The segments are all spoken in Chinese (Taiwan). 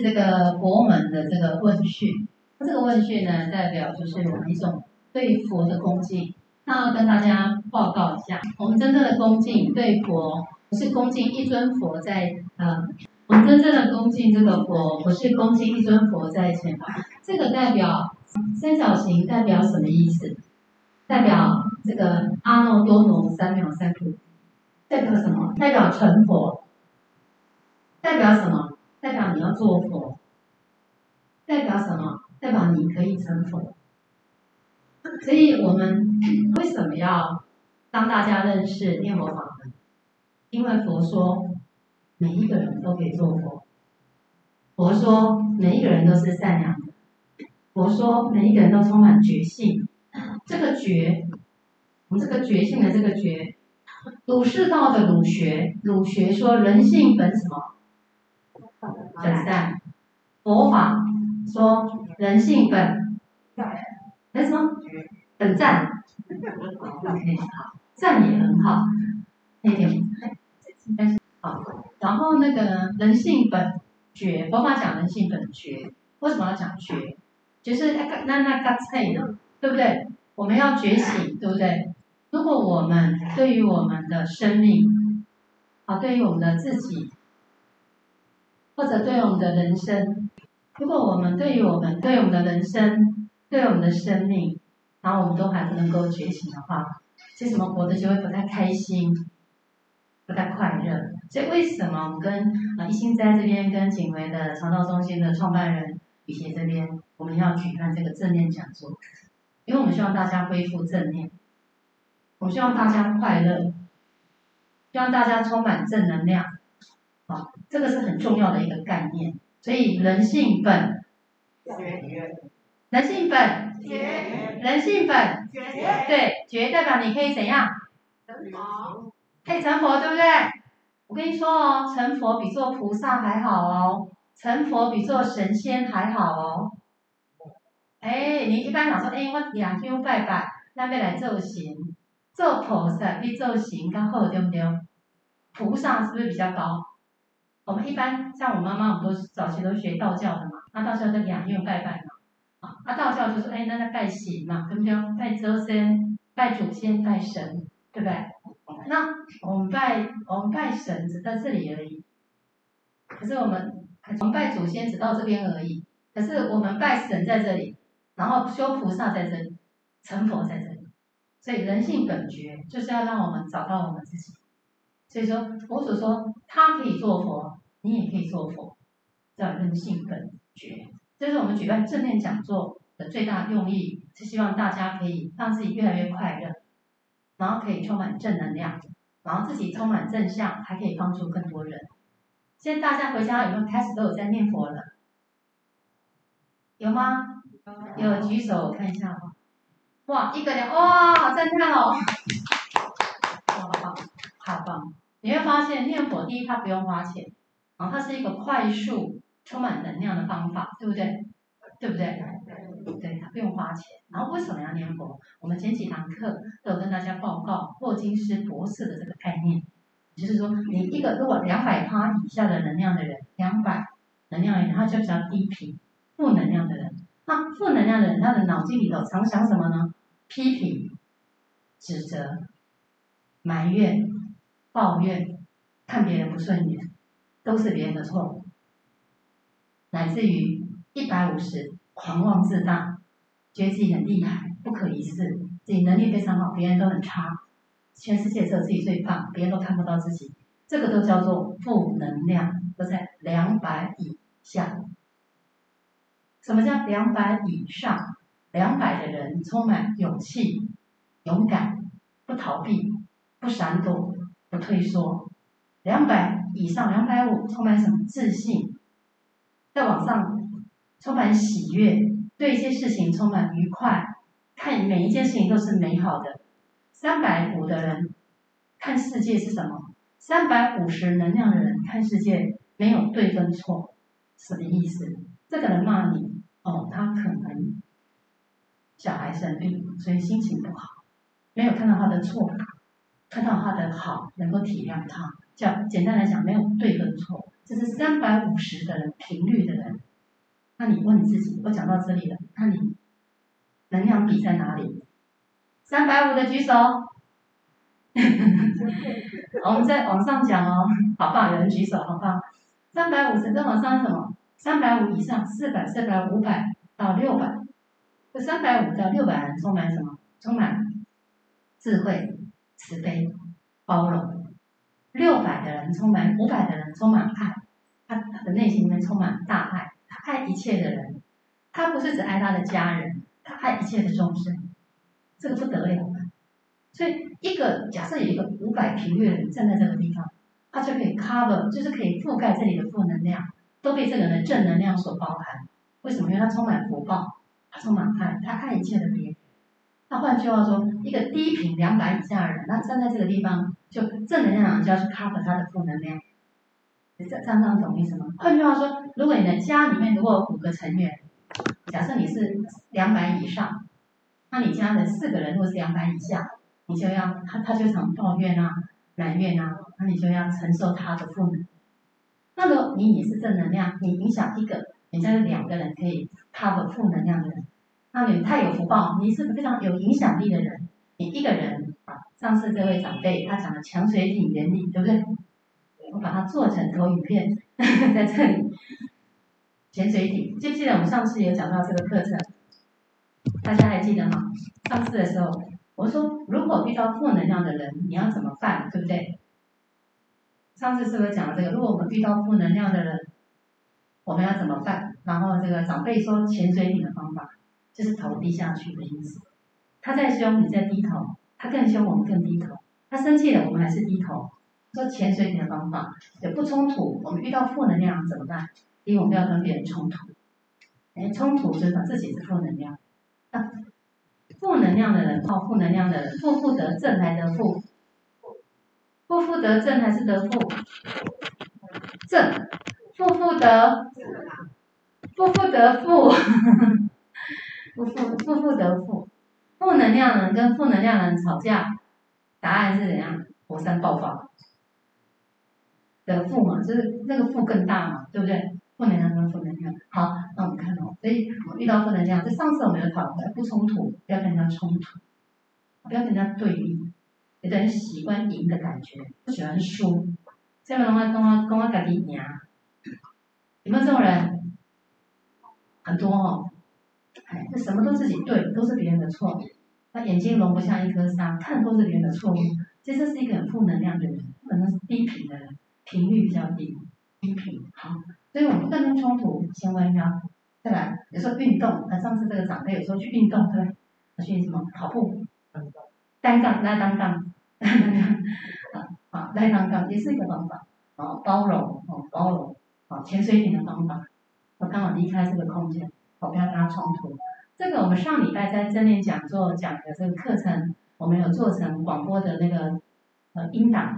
這個佛門的這個問訊，這個問訊呢，代表就是我們一種對佛的恭敬。那要跟大家報告一下，我們真正的恭敬對佛，不是恭敬一尊佛在呃，我們真正的恭敬這個佛，不是恭敬一尊佛在前。這個代表三角形代表什麼意思？代表這個阿耨多羅三藐三菩提。代表什麼？代表成佛。代表什麼？代表你要做佛，代表什麼？代表你可以成佛。所以我們為什麼要讓大家認識念佛法門？因為佛說每一個人都可以做佛，佛說每一個人都是善良的，佛說每一個人都充滿覺性。這個覺，我們這個覺性的這個覺，儒釋道的儒學，儒學說人性本什麼？本善，佛法說人性本，那什麼？本贊。OK，好，善也很好。OK，但是好，然後那個人性本覺，佛法講人性本覺，為什麼要講覺？就是那那那那菜呢，對不對？我們要覺醒，對不對？如果我們對於我們的生命，啊，對於我們的自己。或者對我們的人生，如果我們對於我們對我們的人生，對我們的生命，然後我們都還不能夠覺醒的話，為什麼活得就會不太開心，不太快樂？所以為什麼我們跟一心齋這邊，跟景維的腸道中心的創辦人雨潔這邊，我們要舉辦這個正念講座？因為我們希望大家恢復正念，我們希望大家快樂，希望大家充滿正能量。好，這個是很重要的一個概念。所以人性本，人性本，人性本，對，覺代表你可以怎樣？成佛，可以成佛，對不對？我跟你說哦，成佛比做菩薩還好哦，成佛比做神仙還好哦。哎，你一般想說，哎，我兩天拜拜，那邊來做神，做菩薩比做神剛好，對不對？菩薩是不是比較高？我們一般像我媽媽，我們都早期都學道教的嘛，那道教在兩用拜拜嘛，啊，那道教就是哎，那那拜神嘛，對不對？拜祖先、拜祖先、拜神，對不對？那我們拜我們拜神只在這裡而已，可是我們我們拜祖先只到這邊而已，可是我們拜神在這裡，然後修菩薩在這裡，成佛在這裡，所以人性本覺就是要讓我們找到我們自己。所以說，我所說，他可以做佛，你也可以做佛，叫人性本覺。這是我們舉辦正面講座的最大的用意，是希望大家可以讓自己越來越快樂，然後可以充滿正能量，然後自己充滿正向，還可以幫助更多人。現在大家回家以後開始都有在念佛了，有嗎？有舉手我看一下嗎？哇，一個人哇、哦，好震撼哦！大棒，你會發現念佛第一，它不用花錢，然後它是一個快速充滿能量的方法，對不對？對不對？對，它不用花錢。然後為什麼要念佛？我們前幾堂課都有跟大家報告霍金斯博士的這個概念，就是說，你一個如果兩百趴以下的能量的人，兩百能量的人，他就比較低頻，負能量的人，那負能量的人，他的腦筋裡頭常想什麼呢？批評、指責、埋怨。抱怨，看別人不順眼，都是別人的錯誤。乃至於一百五十，狂妄自大，覺得自己很厲害，不可一世，自己能力非常好，別人都很差，全世界只有自己最棒，別人都看不到自己。這個都叫做負能量，都在兩百以下。什麼叫兩百以上？兩百的人充滿勇氣、勇敢，不逃避，不閃躲。不退縮，兩百以上，兩百五充滿什麼自信？再往上，充滿喜悅，對一些事情充滿愉快，看每一件事情都是美好的。三百五的人，看世界是什麼？三百五十能量的人看世界沒有對跟錯，什麼意思？這個人罵你，哦，他可能小孩生病，所以心情不好，沒有看到他的錯。看到他的好，能夠體諒他，叫簡單來講，沒有對跟錯。這是三百五十的人頻率的人，那你問你自己，我講到這裡了，那你能量比在哪裡？三百五的舉手。 我們再往上講哦，好不好？有人舉手，好不好？三百五十，再往上什麼？三百五以上，四百、四百、五百到六百，這三百五到六百人充滿什麼？充滿智慧。慈悲、包容，六百的人充滿，五百的人充滿愛，他他的內心裡面充滿大愛，他愛一切的人，他不是只愛他的家人，他愛一切的眾生，這個不得了啊！所以一個假設有一個五百頻率的人站在這個地方，他就可以 cover，就是可以覆蓋這裡的負能量，都被這個人的正能量所包含。為什麼？因為他充滿福報，他充滿愛，他愛一切的。那換句話說，一個低頻兩百以下的人，那站在這個地方，就正能量就要去 cover 他的負能量。你這這樣懂意思嗎？換句話說，如果你的家裡面如果有五個成員，假設你是兩百以上，那你家人四個人如果是兩百以下，你就要他，他就想抱怨啊、埋怨啊，那你就要承受他的負能。那麼你，你是正能量，你影響一個，你家是兩個人可以 cover 負能量的人。那你太有福報，你是非常有影響力的人。你一個人啊，上次這位長輩他講了潛水艇原理，對不對？我把它做成投影片在這裡。潛水艇，記不記得我們上次有講到這個課程？大家還記得嗎？上次的時候，我說如果遇到負能量的人，你要怎麼辦，對不對？上次是不是講了這個？如果我們遇到負能量的人，我們要怎麼辦？然後這個長輩說潛水艇的方法。就是頭低下去的意思，他在凶，你在低頭；他更凶，我們更低頭。他生氣了，我們還是低頭。說潛水艇的方法也不衝突。我們遇到負能量怎麼辦？因為我們不要跟別人衝突。哎，衝突就是自己是負能量。啊、負能量的人靠負能量的負負得正還是得負？負負得正還是得負？正，負負得，負負得負。 負負負得負，負能量人跟負能量人吵架，答案是怎樣？火山爆發。得負嘛，就是那個負更大嘛，對不對？負能量跟負能量，好，那我們看到、哦，所以我遇到負能量，這上次我們有討論不衝突，不要跟他衝突，不要跟他對立，有的人喜歡贏的感覺，不喜歡輸。這樣的話跟我跟我講一點啊，有沒有這種人？很多哦。那什麼都自己對，都是別人的錯。他眼睛容不下一顆沙，看都是別人的錯誤。其實這是一個很負能量的人，可能是低頻的，頻率比較低。低頻，好，所以我們不跟人衝突，先彎腰。再來，比如說運動，那上次這個長輩有時候去運動，對不對？去什麼跑步？嗯。單槓，拉單槓，哈哈， 好，拉單槓也是一個方法。好，包容，好包容，好潛水艇的方法。我剛好離開這個空間，我不要跟他衝突。這個我們上禮拜在正念講座講的這個課程，我們有做成廣播的那個呃音檔，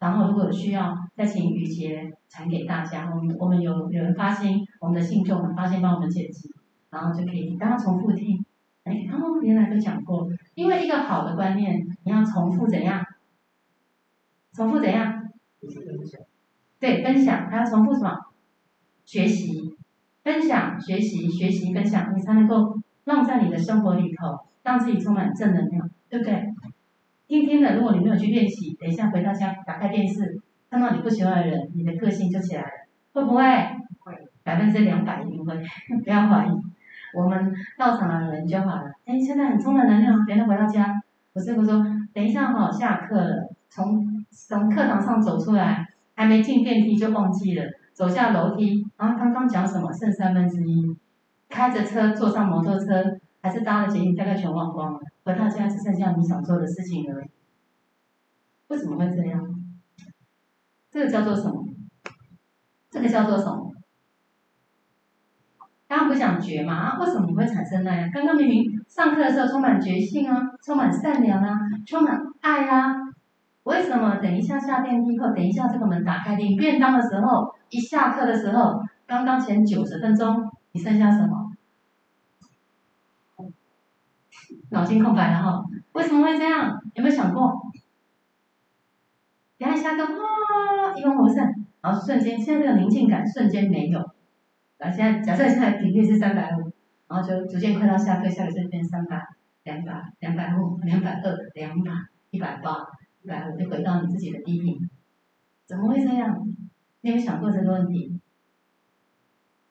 然後如果有需要再請於杰傳給大家。我們我們有有人發心，我們的信眾很發心幫我們剪輯，然後就可以剛剛重複聽。哎、哦，原來都講過，因為一個好的觀念，你要重複怎樣？重複怎樣？對，分享還要重複什麼？學習，分享，學習，學習，分享，你才能夠放在你的生活裡頭，讓自己充滿正能量，對不對？今天的如果你沒有去練習，等一下回到家打開電視，看到你不喜歡的人，你的個性就起來了，會不會？不會，百分之兩百一定會， 不要懷疑。我們到場的人就好了，哎，現在很充滿能量。等一下回到家，我師傅說，等一下哈，下課了，從從課堂上走出來，還沒進電梯就忘記了，走下樓梯，然後剛剛講什麼？剩三分之一。開着車，坐上摩托車，還是搭了捷運？大概全忘光了。回到家只剩下你想做的事情而已。為什麼會這樣？這個叫做什麼？這個叫做什麼？剛剛不講覺嗎？啊，為什麼你會產生那樣？剛剛明明上課的時候充滿覺性啊，充滿善良啊，充滿愛啊，為什麼？等一下下電梯後，等一下這個門打開，你便當的時候，一下課的時候，剛剛前九十分鐘，你剩下什麼？腦筋空白了哈，為什麼會這樣？有沒有想過？講一下課，啊，一光火盛，然後瞬間，現在這個寧靜感瞬間沒有。啊，現在假設現在底率是三百五，然後就逐漸快到下課，下課就變三百、兩百、兩百五、兩百二、兩百、一百八、一百五，就回到你自己的底面。怎麼會這樣？你有沒有想過這個問題？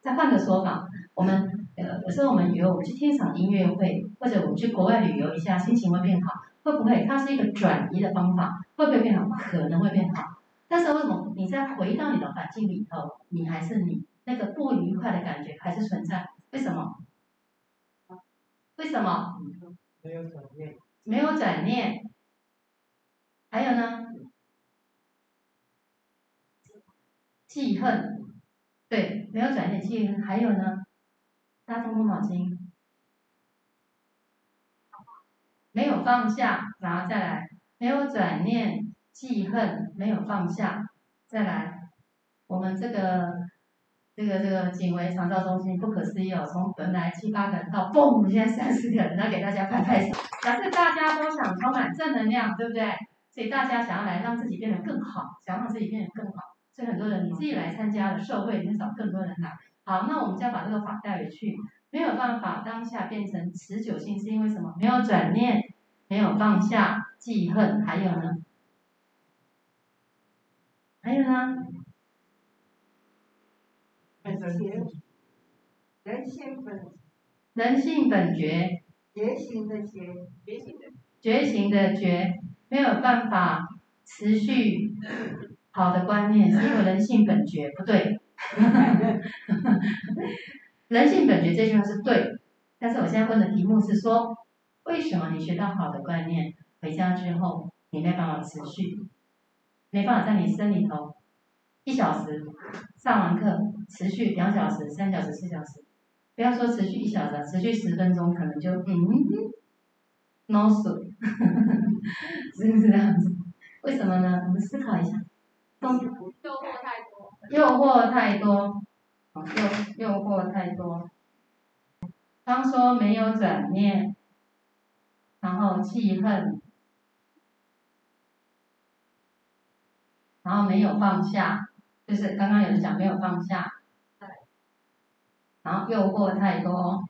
再換個說法，我們。呃，有時候我們旅遊，我們去聽場音樂會，或者我們去國外旅遊一下，心情會變好，會不會？它是一個轉移的方法，會不會變好？可能會變好，但是為什麼你再回到你的環境裡頭，你還是你那個不愉快的感覺還是存在？為什麼？為什麼？沒有轉念。沒有轉念。還有呢？記恨。對，沒有轉念記恨。還有呢？大家動動腦筋。沒有放下，然後再來，沒有轉念記恨，沒有放下，再來，我們這個，這個這個警衛腸道中心不可思議哦，從本來七八個人到嘣，現在三十人，來給大家拍拍手。假設大家都想充滿正能量，對不對？所以大家想要來讓自己變得更好，想讓自己變得更好。所以很多人你自己來參加了，社會很少更多人來。好，那我們再把這個法帶回去。沒有辦法當下變成持久性，是因為什麼？沒有轉念，沒有放下，記恨，還有呢？還有呢？覺性。人性本。人性本覺。覺醒的覺。覺醒。覺醒的覺沒有辦法持續。好的觀念是因為人性本覺不對，人性本覺這句話是對，但是我現在問的題目是說，為什麼你學到好的觀念，回家之後你沒辦法持續，沒辦法在你心裡頭，一小時上完課持續兩小時、三小時、四小時，不要說持續一小時、啊，持續十分鐘可能就嗯，惱死，是不是這樣子？為什麼呢？我們思考一下。誘惑太多。誘惑太多。誘誘惑太多。剛說沒有轉念，然後記恨，然後沒有放下，就是剛剛有人講沒有放下。對。然後誘惑太多，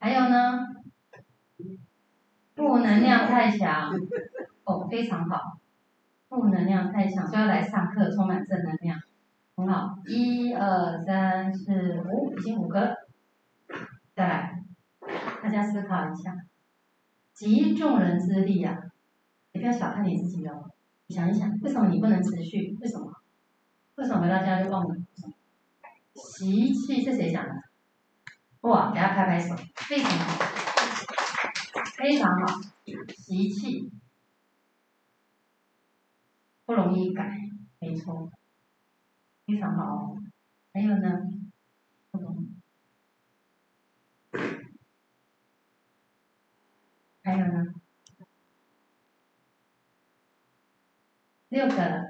還有呢，負能量太強。哦，非常好。負能量太強，就要來上課，充滿正能量，很好。一二三四五，已經五個。再來，大家思考一下，集眾人之力呀、啊，你不要小看你自己哦，你想一想，為什麼你不能持續？為什麼？為什麼回到家就忘了？習氣是誰講的？哇！大家拍拍手，非常好，非常好，習氣。不容易改，沒錯，非常好。哦，還有呢，不懂。還有呢，六個了。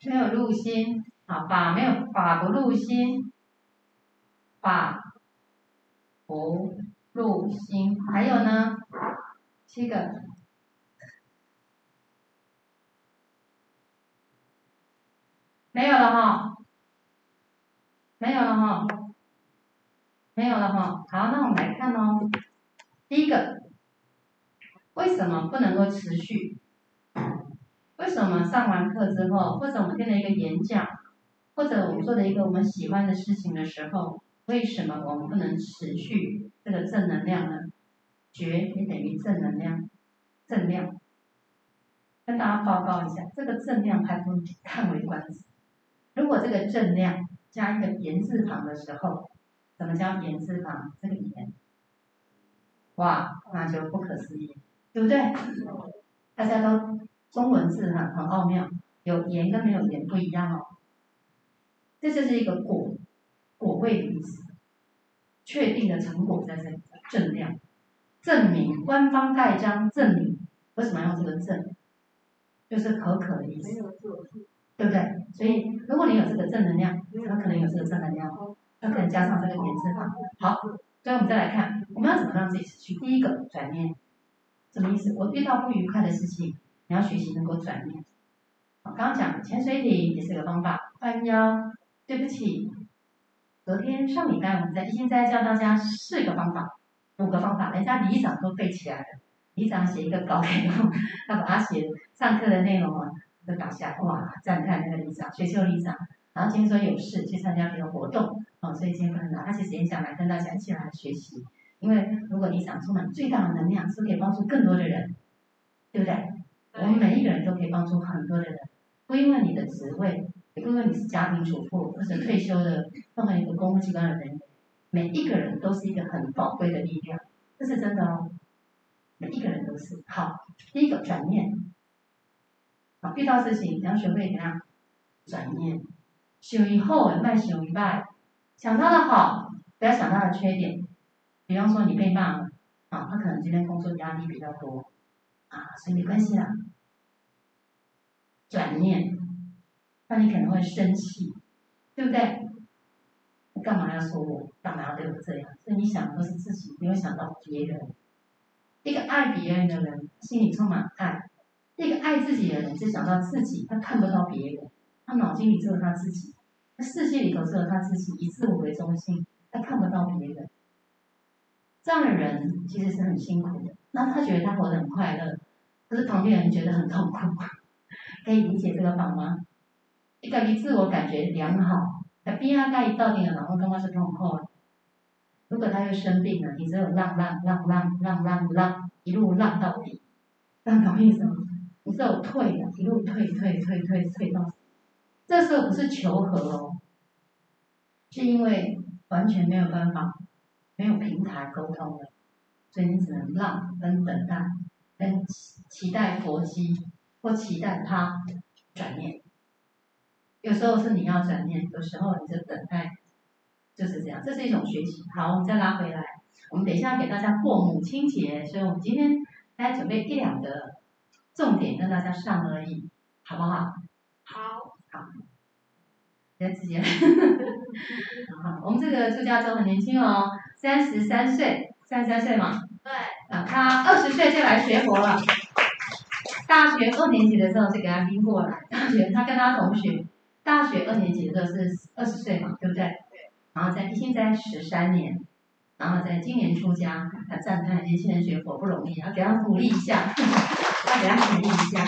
沒有入心啊，法沒有，法不入心，法，胡、哦。入心，還有呢，七個，沒有了哈，沒有了哈，沒有了哈。好，那我們來看哦，第一個，為什麼不能夠持續？為什麼上完課之後，或者我們聽了一個演講，或者我們做了一個我們喜歡的事情的時候，為什麼我們不能持續？這個正能量呢，覺也等於正能量，正量。跟大家報告一下，這個正量，太不嘆為觀止。如果這個正量加一個言字旁的時候，怎麼叫言字旁？這個言，哇，那就不可思議，對不對？大家都中文字哈，很奧妙，有言跟沒有言不一樣哦。這就是一個果，果位的意思。確定的成果在這裡，正能量，證明官方蓋章證明。為什麼要用這個證？就是可可的意思，對不對？所以如果你有這個正能量，怎麼可能有這個正能量，它可能加上這個顏色吧。好，所以我們再來看，我們要怎麼讓自己持續？第一個轉念，什麼意思？我遇到不愉快的事情，你要學習能夠轉念。我剛剛講潛水艇也是個方法，彎腰，對不起。昨天上禮拜我們已經在一心齋教大家四個方法，五個方法，人家理事長都背起來了。理事長寫一個稿給我，把他寫上課的內容啊都打下來，哇，讚嘆那個理事長，學習理事長。然後今天說有事去參加一個活動，哦，所以今天不能拿那些時間講來跟大家一起來學習。因為如果理事長充滿最大的能量，是不是可以幫助更多的人？對不對？對我們每一個人都可以幫助很多的人，不因為你的職位。哥哥，是你是家庭主婦或者是退休的，任何一個公務機關的人員，每一個人都是一個很寶貴的力量，這是真的哦。每一個人都是好，第一個轉念，啊，遇到事情你要學會怎麼樣？轉念，修以後而邁修於外，想到的好，不要想到的缺點。比方說你被罵了，啊，他可能今天工作壓力比較多，啊，所以沒關係啦。轉念。那你可能會生氣，對不對？你幹嘛要說我？幹嘛要對我這樣？所以你想的都是自己，沒有想到別人。一個愛別人的人，心裡充滿愛。那個愛自己的人，只想到自己，他看不到別人，他腦筋裡只有他自己，他世界裡頭只有他自己，以自我為中心，他看不到別人。這樣的人其實是很辛苦的，那他覺得他活得很快樂，可是旁邊人覺得很痛苦。 可以理解這個榜嗎？一個你自我感覺良好，那邊安帶一到點了，然後剛剛是通破了。如果他又生病了，你只有讓讓讓讓讓讓讓一路讓到底，讓到底是什麼？你只有退了一路退退退退退到。這時候不是求和哦，是因為完全沒有辦法，沒有平台溝通了，所以你只能讓跟等待，跟期待佛系或期待他轉變。有時候是你要轉念，有時候你就等待，就是這樣，這是一種學習。好，我們再拉回來，我們等一下要給大家過母親節，所以我們今天來準備一兩個重點跟大家上而已，好不好？好。好。自己。 好，我們這個助教都很年輕哦，三十三歲，三十三歲嘛。對。啊，他二十歲就來學佛了，大學二年級的時候就給他拎過來，大學他跟他同學。大學二年級的時候是二十歲嘛，對不對？對。然後在地心齋十三年，然後在今年出家。他讚歎年輕人學佛不容易，要給他鼓勵一下呵呵，要給他肯定一下，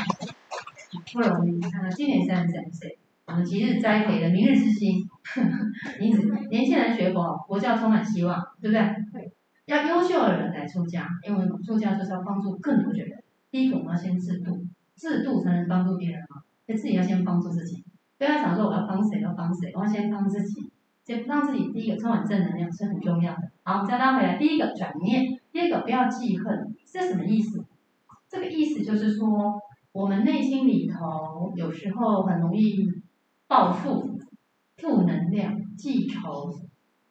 不容易。你看他今年三十三歲，我們即日栽培的明日之星，呵呵，年輕人學佛，佛教充滿希望，對不對？要優秀的人來出家，因為出家就是要幫助更多的人。第一，我們要先自度，自度才能幫助別人嘛，就自己要先幫助自己。不要想說我要幫誰，要幫誰，我要先幫自己。先幫自己，第一個充滿正能量是很重要的。好，再拉回來，第一個轉念，第二個不要記恨，是什麼意思？這個意思就是說，我們內心裡頭有時候很容易暴怒、負能量、記仇，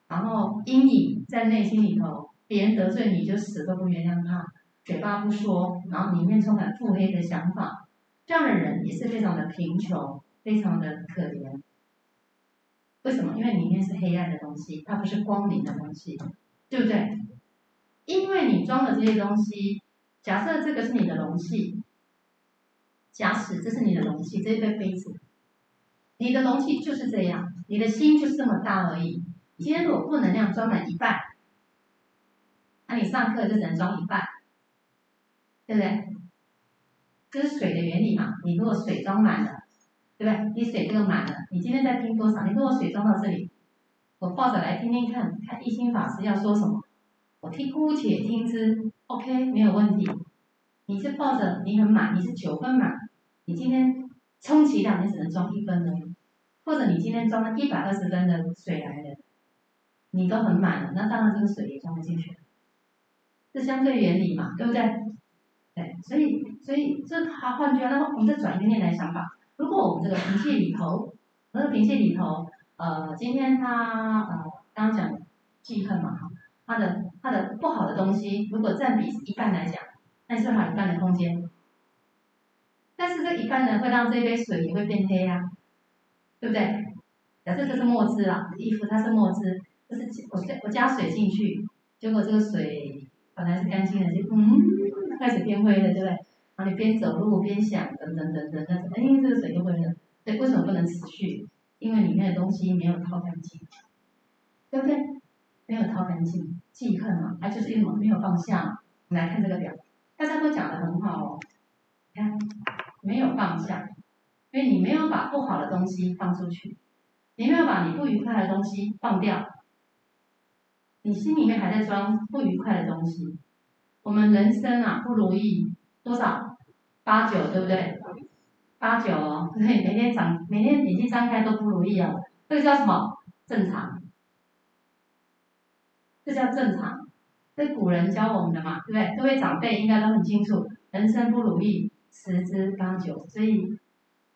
然後陰影在內心裡頭，別人得罪你就死都不原諒他，嘴巴不說，然後裡面充滿腹黑的想法，這樣的人也是非常的貧窮。非常的可憐，為什麼？因為裡面是黑暗的東西，它不是光明的東西，對不對？因為你裝的這些東西，假設這個是你的容器，假使這是你的容器，這一堆杯子，你的容器就是這樣，你的心就是這麼大而已。今天如果負能量裝滿一半，那、啊、你上課就只能裝一半，對不對？這、就是水的原理嘛。你如果水裝滿了。對吧？你水就滿了，你今天在聽多少？你如果水裝到這裡，我抱着來聽聽看，看一心法師要說什麼。我聽姑且聽之，OK，沒有問題。你是抱着你很滿，你是九分滿。你今天充其量你只能裝一分的，或者你今天裝了一百二十分的水來的，你都很滿了，那當然這個水也裝不進去了。這相對原理嘛，對不對？對，所以所以這他換句，那我們再轉一個念來想法。如果我們這個瓶器裡頭，那個瓶器裡頭，呃，今天它呃，剛剛講記恨嘛哈，它的它的不好的東西，如果佔比一半來講，那剩下一半的空間，但是這一半呢會讓這杯水也會變黑呀、啊，對不對？假設這是墨汁啦、啊、衣服它是墨汁，這，就是我加我加水進去，結果這個水本來是乾淨的，就嗯開始變灰了，對不對？然後你邊走路邊想，等等等等那種，哎、欸，因為這個水就會，所以為什麼不能持續？因為裡面的東西沒有掏乾淨，對不對？沒有掏乾淨，記恨嘛，它就是因為沒有放下。你來看這個表，大家都講得很好哦。你看，沒有放下，因為你沒有把不好的東西放出去，你沒有把你不愉快的東西放掉，你心裡面還在裝不愉快的東西。我們人生啊，不如意多少？八九對不對？八九哦，對，每天長每天眼睛張開都不如意啊，這個叫什麼？正常，這叫正常，這古人教我們的嘛，對不對？各位長輩應該都很清楚，人生不如意十之八九，所以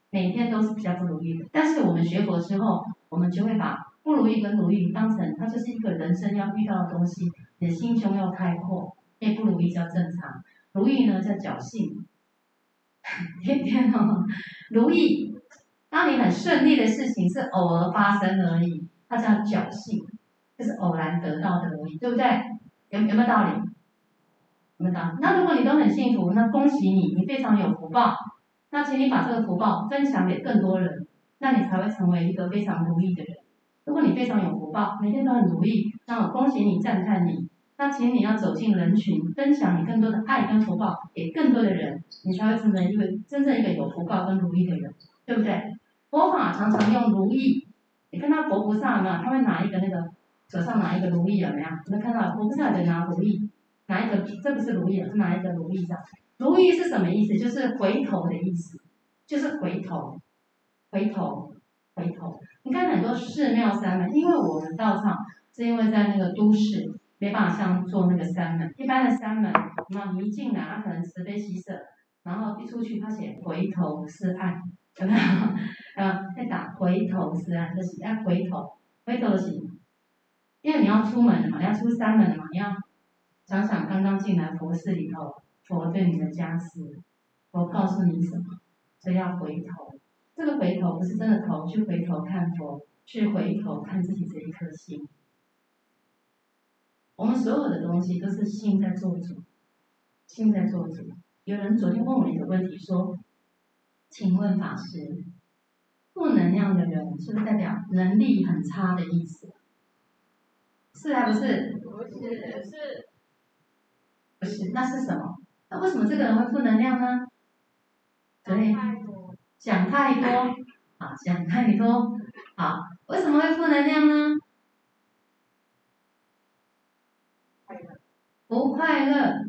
每天都是比較不如意的。但是我們學佛之後，我們就會把不如意跟如意當成，它就是一個人生要遇到的東西。你的心胸要開闊，對不如意叫正常，如意呢，叫僥倖。天 天哦，如意，當你很順利的事情是偶爾發生而已，那叫僥倖，這、就是偶然得到的如意，對不對？有有沒有道理？有沒有道理？那如果你都很幸福，那恭喜你，你非常有福報。那請你把這個福報分享給更多人，那你才會成為一個非常如意的人。如果你非常有福報，每天都很如意，那我恭喜你，讚歎你。那請你要走進人群，分享你更多的愛跟福報給更多的人，你才會成為一個真正一個有福報跟如意的人，對不對？佛法常常用如意，你看他佛菩薩嘛，他們拿一個那個手上拿一個如意怎麼樣？你們看到佛菩薩就拿如意，拿一個這不是如意，是拿一個如意這樣。如意是什麼意思？就是回頭的意思，就是回頭，回頭，回頭。你看很多寺廟山嘛，因為我們道場是因為在那個都市。沒辦法像做那個三門，一般的三門，那你一進來，可能慈悲喜舍，然後一出去，他寫回頭是岸，對吧？啊，再打回頭是岸，就是要回頭，回頭行、就是，因為你要出門嘛，你要出三門嘛，你要想想剛剛進來佛寺裡頭，佛對你的加持，佛告訴你什麼，所以要回頭，這個回頭不是真的頭去回頭看佛，去回頭看自己這一顆心。我們所有的東西都是心在做主，心在做主。有人昨天問我一個問題，說：“請問法師，負能量的人是不是代表能力很差的意思？是還是不是？”不是，是。不是，那是什麼？那為什麼這個人會負能量呢？對，想太多。想太多，好，想太多，好，為什麼會負能量呢？不快樂，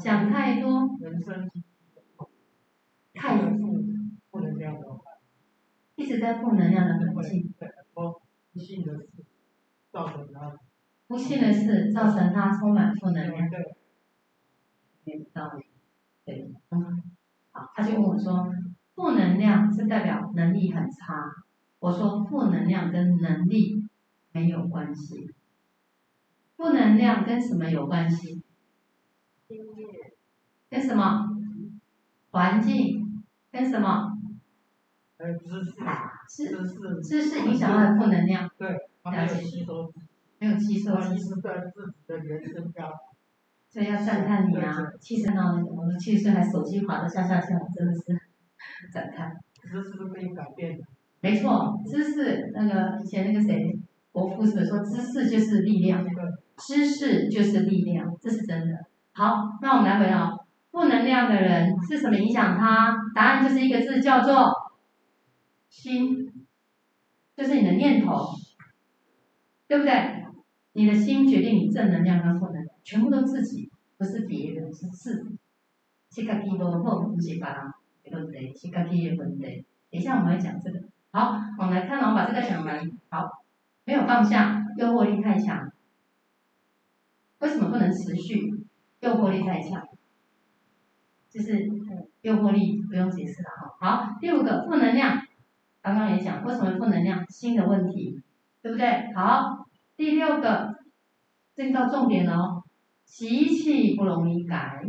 想太多，人生太負能量的，一直在負能量的環境，不幸的是造成他，不幸的是造成他充滿負能量的。有道理。他就問我說，負能量是代表能力很差？我說負能量跟能力沒有關係。負能量跟什麼有關係？跟什麼？環境跟什麼？呃、知識，啊、知，知識影響了負能量。對，他沒有吸收，沒有吸收。收在自己的人生，所以要讚歎你啊！七十啊。我們七十還手機滑的下下跳，真的是讚歎。知識都可以改變的。沒錯，知識那個以前那個誰，國富是說知識就是力量。知識就是力量，這是真的。好，那我們來回答，負能量的人是什麼影響他？答案就是一個字，叫做心，就是你的念頭，對不對？你的心決定你正能量跟負能量，全部都自己，不是別人，是自己。等一下，我們來講這個。好，我們來看，我們把這個講完。好，沒有放下，誘惑力太強。為什麼不能持續？誘惑力太強，就是誘惑力不用解釋了哈。好，第五個負能量，剛剛也講，為什麼負能量？新的問題，對不對？好，第六個，這到重點了哦，習氣不容易改，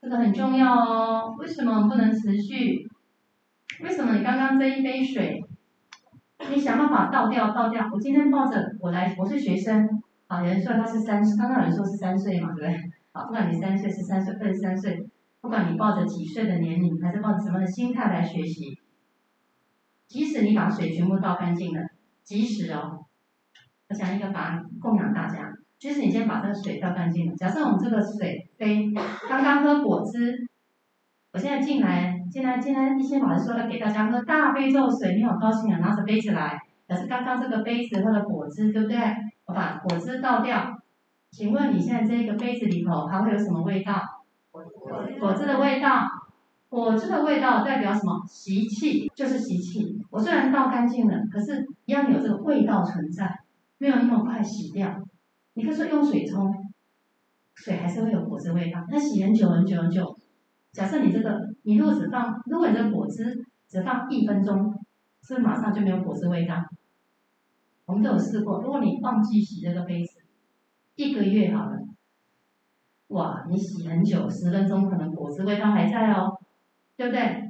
這個很重要哦。為什麼不能持續？為什麼你剛剛這一杯水，你想辦法倒掉倒掉？我今天抱着我來，我是學生。有人說他是三，剛剛有人說是三歲嘛，對不對？啊，不管你三歲是三歲，二十三歲，不管你抱着幾歲的年齡，還是抱着什麼的心態來學習，即使你把水全部倒乾淨了，即使哦，我想一個法供養大家，即使你先把這個水倒乾淨了，假設我們這個水杯剛剛喝果汁，我現在進來進來進來，進來進來一些老師說了，給大家喝大悲咒水，你好高興啊，拿着杯子來，可是剛剛這個杯子喝了果汁，對不對？把果汁倒掉，請問你現在這個杯子裡頭還會有什麼味道？果汁的味道，果汁的味道代表什麼？習氣，就是習氣。我雖然倒乾淨了，可是，一樣有這個味道存在，沒有那麼快洗掉。你可以說用水沖，水還是會有果汁味道。那洗很久很久很久。假設你這個，你如果只放，如果你這個果汁只放一分鐘，是不是馬上就沒有果汁味道？我們都有試過，如果你忘記洗這個杯子，一個月好了，哇，你洗很久，十分鐘可能果汁味道還在哦，對不對？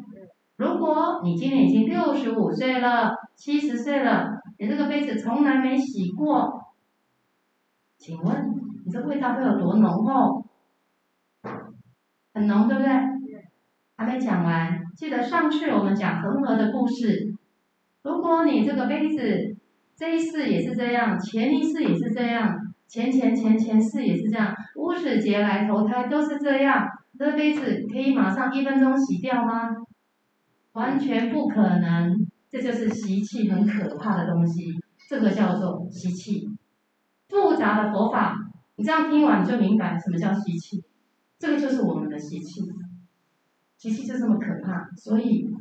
如果你今年已經六十五歲了，七十歲了，你這個杯子從來沒洗過，請問你這味道會有多濃厚？很濃，對不對？還沒講完，記得上次我們講恆河的故事，如果你這個杯子。這一世也是這樣，前一世也是這樣，前前前前世也是這樣，無始劫來投胎都是這樣。這輩子可以馬上一分鐘洗掉嗎？完全不可能。這就是習氣，很可怕的東西。這個叫做習氣，複雜的佛法。你這樣聽完你就明白什麼叫習氣。這個就是我們的習氣，習氣就這麼可怕，所以。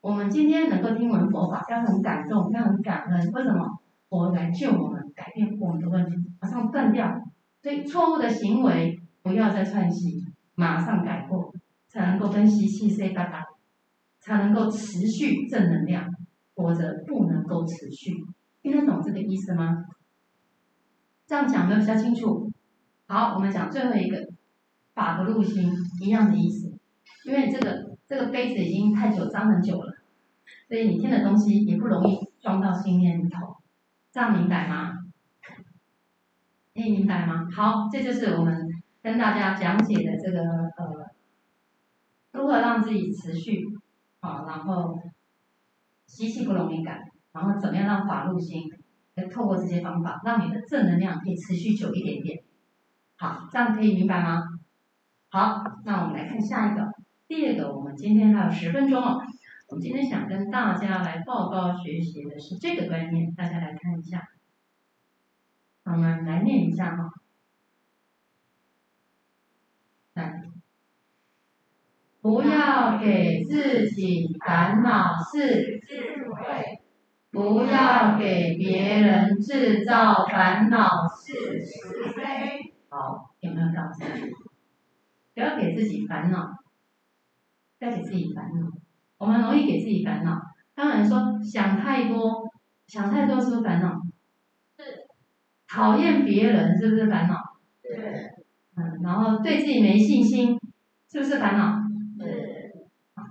我們今天能夠聽聞佛法，要很感動，要很感恩。為什麼佛來救我們，改變我們的問題，馬上斷掉對錯誤的行為，不要再串戲，馬上改過，才能夠分析細碎 a y 才能夠持續正能量，活着不能夠持續。聽得懂這個意思嗎？這樣講沒有下清楚。好，我們講最後一個，法不入心一樣的意思，因為這個這個杯子已經太久髒很久了。所以你聽的東西也不容易裝到信念裡頭，這樣明白嗎？你明白嗎？好，這就是我們跟大家講解的這個呃，如何讓自己持續好，啊，然後習性不容易改，然後怎麼樣讓法入心，能透過這些方法，讓你的正能量可以持續久一點點。好，這樣可以明白嗎？好，那我們來看下一個，第二個，我們今天還有十分鐘了。我今天想跟大家來報告學習的是這個觀念，大家來看一下。我們來念一下哈。來，不要給自己煩惱是智慧，不要給別人製造煩惱是慈悲。好，有沒有搞清，不要給自己煩惱，不要給自己煩惱。我們容易給自己煩惱，當然說想太多，想太多是不是煩惱？是。討厭別人是不是煩惱？對。嗯，然後對自己沒信心，是不是煩惱？是。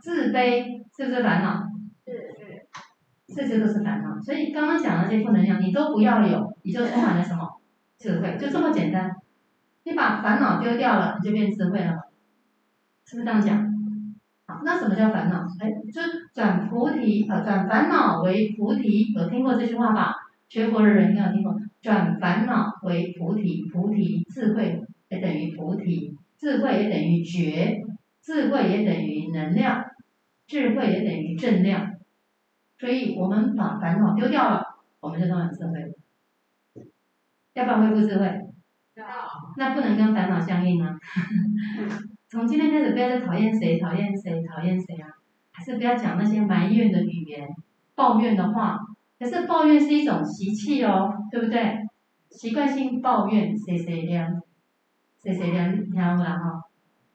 自卑是不是煩惱？是，是。這些都是煩惱，所以剛剛講的這些負能量你都不要有，你就充滿了什麼？智慧。就這麼簡單，你把煩惱丟掉了，你就變智慧了，是不是這樣講？那什麼叫煩惱？哎，就轉菩提、呃、轉煩惱為菩提，有聽過這句話吧？學佛的人應該有聽過。轉煩惱為菩提，菩提智慧也等於菩提，智慧也等於覺，智慧也等於能量，智慧也等於正量。所以我們把煩惱丟掉了，我們就能有智慧。要不要恢復智慧？要。那不能跟煩惱相應啊。 從今天開始，不要再討厭誰、討厭誰、討厭誰啊！還是不要講那些埋怨的語言、抱怨的話。可是抱怨是一種習氣哦，對不對？習慣性抱怨誰誰亮，誰誰亮，聽啦哈，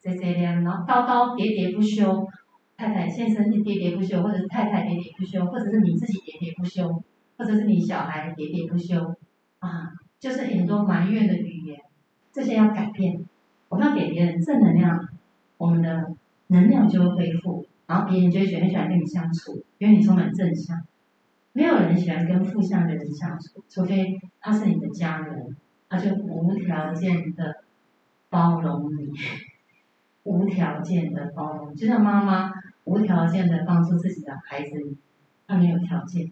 誰誰娘，誰誰娘，娘，誰誰娘，然後叨叨喋喋不休，太太先生你喋喋不休，或者是太太喋喋不休，或者是你自己喋喋不休，或者是你小孩喋喋不休，喋喋不休啊，就是很多埋怨的語言，這些要改變。我們要給別人正能量，我們的能量就會恢復，然後別人就會很喜歡跟你相處，因為你充滿正向。沒有人喜歡跟負向的人相處，除非他是你的家人，他就無條件的包容你，無條件的包容。就像媽媽無條件的幫助自己的孩子，他沒有條件。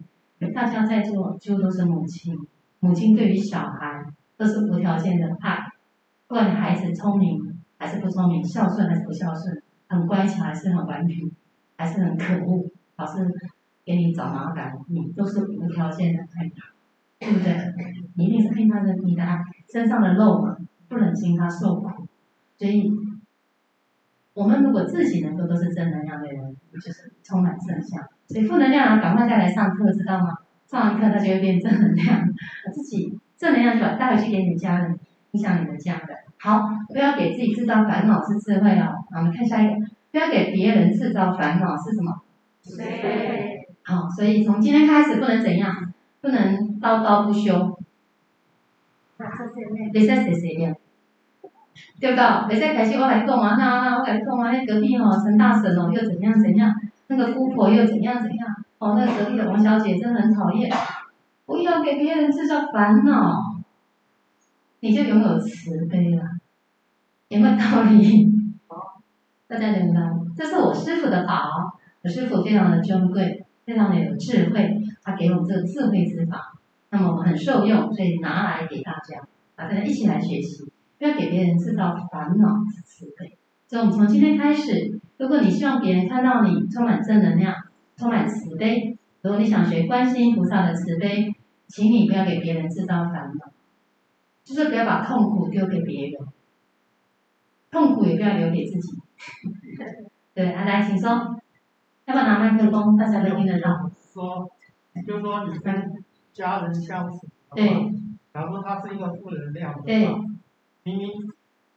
大家在座，就都是母親，母親對於小孩都是無條件的愛。不管你孩子聰明還是不聰明，孝順還是不孝順，很乖巧還是很頑皮，還是很可惡，老師給你找麻煩，你都是無條件的愛他，對不對？你一定是聽他的，你的愛身上的肉嘛，不忍心他受苦，所以我們如果自己能夠都，都是正能量的人，就是充滿正向。所以負能量啊，趕快再來上課，知道嗎？上完課他就會變正能量，自己正能量就吧？帶回去給你家人，影響你們家的，好，不要給自己製造煩惱是智慧哦。好，我們看下一個，不要給別人製造煩惱是什麼？好誰、哦，所以從今天開始不能怎樣，不能叨叨不休。沒在、啊、誰誰的，對不對、啊？沒在感謝，我跟你講啊，我跟你講啊，那隔壁哦，陳大嬸哦，又怎樣怎樣，那個姑婆又怎樣怎樣，哦，那個隔壁的王小姐真的很討厭，不要給別人製造煩惱。你就擁有慈悲了，有沒有道理？哦，大家有沒有道理？這是我師傅的寶啊，我師傅非常的珍貴，非常的有智慧，他給我們這個智慧之寶，那麼我們很受用，所以拿來給大家，大家一起來學習，不要給別人製造煩惱是慈悲。所以，我們從今天開始，如果你希望別人看到你充滿正能量，充滿慈悲，如果你想學觀世音菩薩的慈悲，請你不要給別人製造煩惱。就是不要把痛苦丟給別人，痛苦也不要留給自己。 對，啊、來請說。要不要拿麥克風？大家都聽得到。說，就是說，你跟家人相處，對。假如他是一個負能量的人，對明明，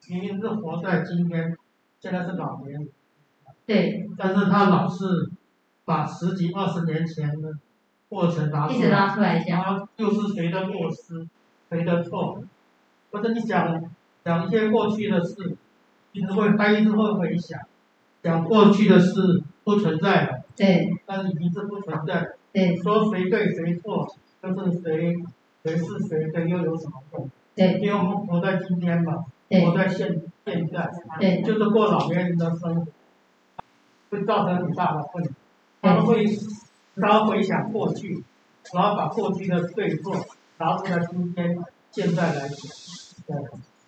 明明是活在今天，現在是老年。對。但是他老是把十幾二十年前的過程拿出來，對他又是誰的過失？對誰的錯？或者你講講一些過去的事，一直會一直會回想，講過去的事不存在了，對，但是已經是不存在了，對。說誰對誰錯，就是誰誰是誰的又有什麼用？對。因為我們活在今天嘛，活對在現現在，對，就是過老年人的生活，會造成很大的困難，他們會，然後回想過去，然後把過去的對錯拿出來，然後在今天現在來講。對，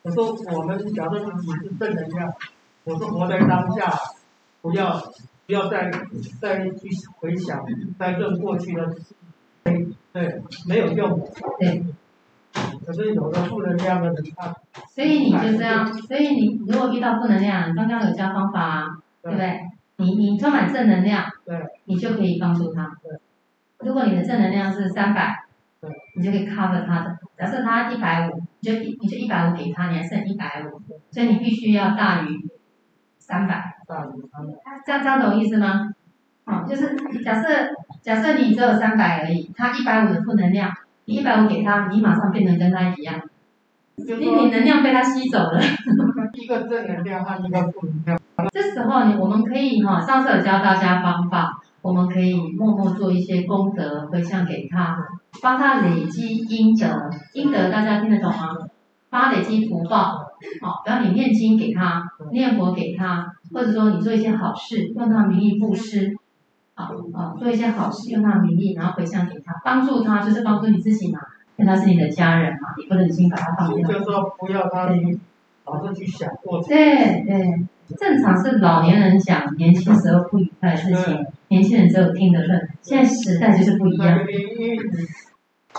我說我們，假如說你是正能量，我說活在當下不，不要不要再再去回想，再跟過去的，對，對沒有用。對。可是有的負能量的人啊，所以你就這樣，對所以你如果遇到負能量，剛剛有教方法，啊，對，對不對？你你充滿正能量，對，你就可以幫助他。對。如果你的正能量是三百，對，你就可以 cover 他的。假設他一百五。就你，就一百五給他，你還剩一百五，所以你必須要大於三百，啊。這樣這樣懂意思嗎？嗯，就是假設假設你只有三百而已，他一百五的負能量，你一百五給他，你馬上變得跟他一樣，因為你能量被他吸走了。 一個正能量，換一個負能量。這時候，你我們可以哈，上次有教大家方法。我們可以默默做一些功德回向給他，幫他累積陰德，陰德，大家聽得懂嗎？幫他累積福報，好，哦，然後你念經給他，念佛給他，或者說你做一些好事，用他名義布施，啊、哦，做一些好事，用他名義，然後回向給他，幫助他，就是幫助你自己嘛，因為他是你的家人嘛，你不忍心把他放掉，就說不要他，老是去想過對，對對。正常是老年人講年輕時候不愉快的事情，對年輕人只有聽的份。現在時代就是不一樣。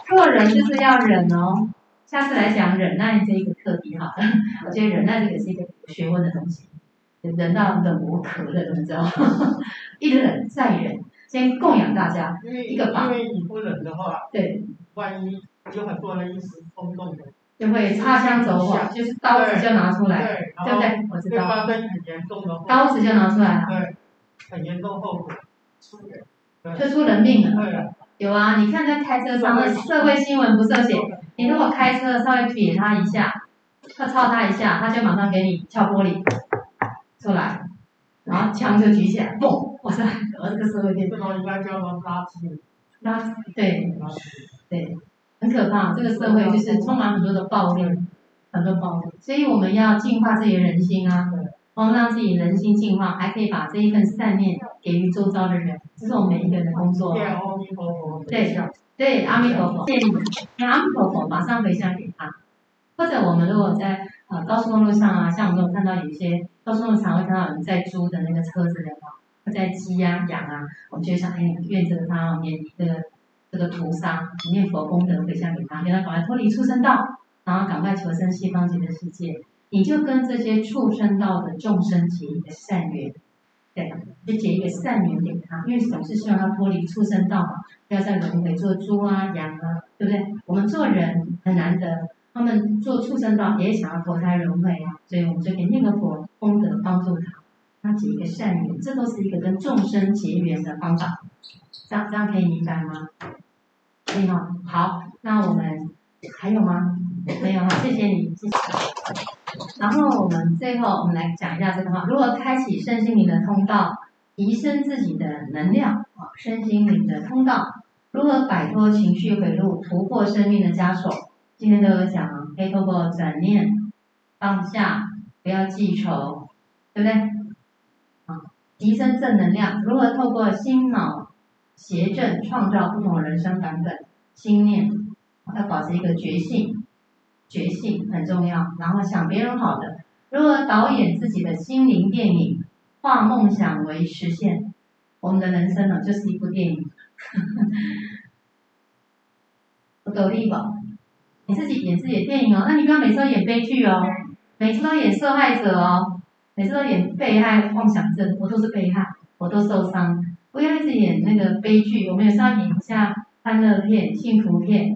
做人就是要忍哦。下次來講忍耐這一個課題哈。 我覺得忍耐這個是一個學問的東西。忍到忍無可忍你知道嗎？ 一忍再忍，先供養大家為一個吧。因為你不忍的話，對，萬一有很多人一時衝動的。就會擦槍走火，啊，就是刀子就拿出來，對，對不對？後我知道。刀子就拿出來了。對，很嚴重後果，出人對，出出人命了。對有啊，你看他開車，上的社會新聞不是寫？你如果開車稍微別他一下，他對操他一下，他就馬上給你撬玻璃出來，然後槍就舉起來，嘣對、呃！我說，我這個社會就。叫垃圾，對垃圾，對。很可怕，這個社會就是充滿很多的暴力，很多暴力，所以我們要淨化自己人心啊，我們讓自己人心淨化，還可以把這一份善念給予周遭的人，這是我們每一個人的工作、啊啊。對對，阿彌陀佛，謝你。那阿彌陀佛，馬上回向給他。或者我們如果在呃高速公路上啊，像我們有看到有一些高速公路上會看到有人在租的那個車子的話，他在雞啊、羊啊，我們就想哎，院子的方面一個。這個屠殺，念佛功德回向給，給他，給他趕快脫離畜生道，然後趕快求生西方極樂世界。你就跟這些畜生道的眾生結一個善緣，對，就結一個善緣給他，因為總是希望他脫離畜生道，要在輪回做豬啊、羊啊，對不對？我們做人很難得，他們做畜生道也想要脫胎輪回啊，所以我們就給念個佛功德幫助他，他結一個善緣，這都是一個跟眾生結緣的方法。這樣這樣可以明白嗎？可以嗎？好，那我們還有嗎？沒有了，謝謝你，謝謝。然後我們最後我們來講一下這個話：如何開啟身心靈的通道，提升自己的能量啊？身心靈的通道，如何擺脫情緒迴路，突破生命的枷鎖？今天都有講啊，可以透過轉念、放下、不要記仇，對不對？啊，提升正能量，如何透過心腦？協正創造不同的人生版本，信念要保持一個覺性，覺性很重要。然後想別人好的，如何導演自己的心靈電影，化夢想為實現。我們的人生呢，就是一部電影。我 得立吧，你自己演自己的電影哦。那你不要每次都演悲劇哦，每次都演受害者哦，每次都演被害妄想症，我都是被害，我都受傷。不要一直演那個悲劇，我們有沒有演一下歡樂片、幸福片？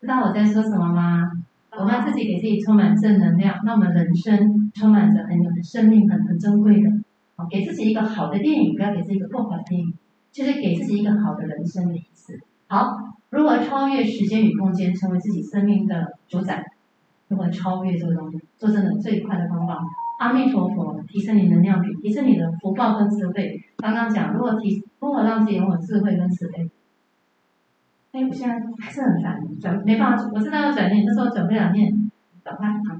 知道我在說什麼嗎？我們自己給自己充滿正能量，那我們人生充滿着很有生命很、很很珍貴的。給自己一個好的電影，不要給自己一個不好的電影，就是給自己一個好的人生的意思。好，如何超越時間與空間，成為自己生命的主宰？如何超越這個東西？做真的最快的方法？阿彌陀佛提，提升你能量，提升你的福報跟智慧。剛剛講，如何提，如何讓自己擁有智慧跟慈悲？哎，我現在還是很煩，轉沒辦法，我知道要轉念時候，但是我轉不了念。轉好吧，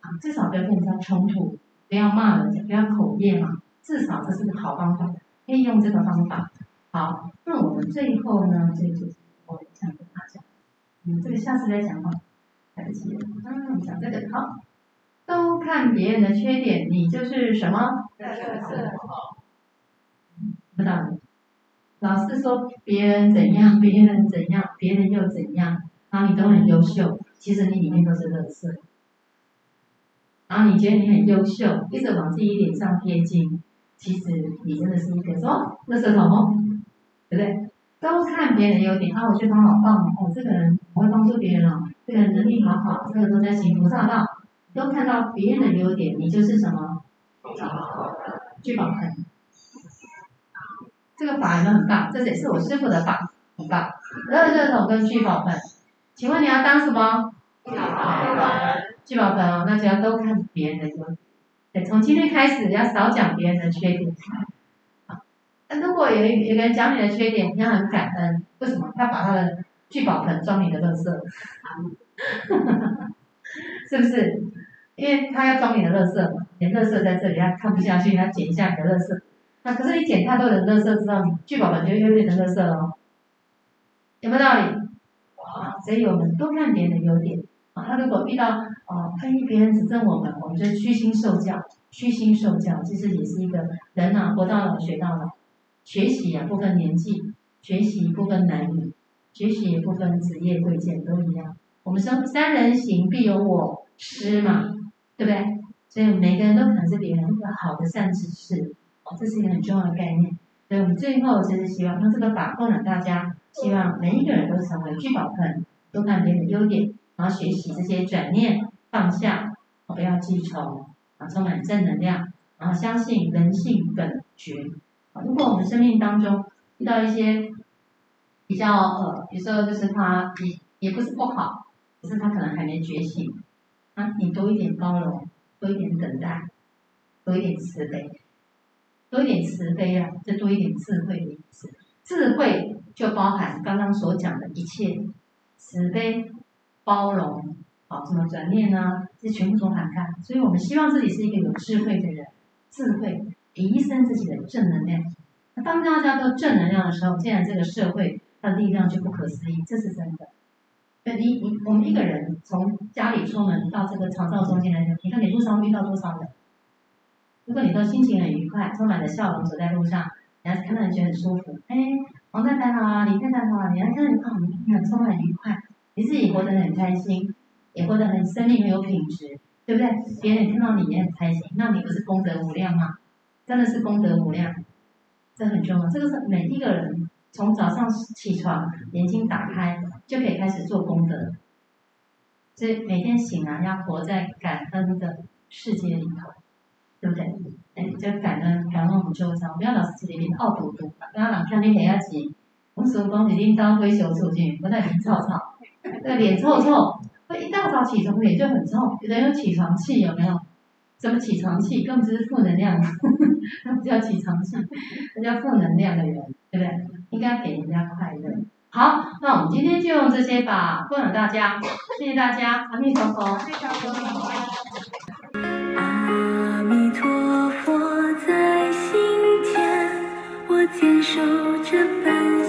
啊，至少不要跟人家衝突，不要罵人家，不要口業嘛。至少這是個好方法，可以用這個方法。好，那我們最後呢，這就我想跟大家，嗯，這個下次再講吧，來不及了。嗯，講這個好。都看別人的缺點，你就是什麼？那是什麼？不知道。老是說別人怎樣，別人怎樣，別人又怎樣，然、啊、後你都很優秀，其實你裡面都是樂色。然、啊、後你覺得你很優秀，一直往自己臉上貼金，其實你真的是一什麼？樂色什麼？對不對？都看別人優點，啊，我覺得他好棒哦，這個人我會幫助別人哦，這個人能力好好，這個人正在行菩薩道。都看到別人的優點，你就是什麼？聚、啊、寶盆。這個法門很棒，這也是我師父的法，很棒。垃圾桶跟聚寶盆，請問你要當什麼？聚、啊、寶盆哦，那就要都看別人的優點。對，從今天開始要少講別人的缺點。那、啊、如果有有個人講你的缺點，你要很感恩，為什麼？他把他的聚寶盆裝你的垃圾。啊、 是不是？因為他要裝你的樂色嘛，你的樂色在這裡，他看不下去，他剪一下你的樂色。那、啊、可是你剪太多的樂色，知道聚寶盆就有點樂色哦。有沒有道理？哇，所以我們多看別人的優點。他、啊、如果遇到、啊、噴他別人指正我們，我們就虛心受教。虛心受教，其實也是一個人啊，活到老學到老，學習啊不分年紀，學習不分男女，學習也不分職業貴賤都一樣。我們生，三人行必有我師嘛。對不對？所以每個人都可能是別人一個好的善知識，哦，這是一個很重要的概念。所以我們最後就是希望用這個法供養大家，希望每一個人都成為聚寶盆，多看別人的優點，然後學習這些轉念、放下，哦、不要記仇，啊，充滿正能量，然後相信人性本覺。啊、如果我們生命當中遇到一些比較呃，比如說就是他也也不是不好，只是他可能還沒覺醒。啊，你多一點包容，多一點等待，多一點慈悲，多一點慈悲啊，再多一點智慧的意思，智慧就包含剛剛所講的一切，慈悲、包容，好，什麼轉念呢？這全部從含看，所以我們希望自己是一個有智慧的人，智慧提升自己的正能量。當大家都正能量的時候，現在這個社會，它的力量就不可思議，這是真的。對你，你我們一個人從家裡出門到這個長道中間，來講，你看你路上遇到多少人？如果你都心情很愉快，充滿了笑容走在路上，人家看到人覺得很舒服。哎、欸，王太太好啊，李太太好啊，人家看到、哦、你，看你看充滿愉快，你自己活得很開心，也活得很生命很有品質，對不對？別人看到你也很開心，那你不是功德無量嗎？真的是功德無量，這很重要，這個是每一個人從早上起床眼睛打開。就可以開始做功德了，所以每天醒來、啊、要活在感恩的世界裡頭，對不對？哎，就感恩，感恩很重要。不要老是心裡邊懊毒毒，不要老看你些要是，我師傅講是領導會受挫折，不那臉臭臭，燈燈那臉臭臭，我一大早起床臉就很臭，有人有起床氣有沒有？怎麼起床氣，更不是負能量，呵呵，那不叫起床氣，那叫負能量的人，對不對？應該給人家快樂。好，那我們今天就用這些法供養大家，謝謝大家，阿彌陀佛。謝謝阿彌陀佛在心間，我堅守着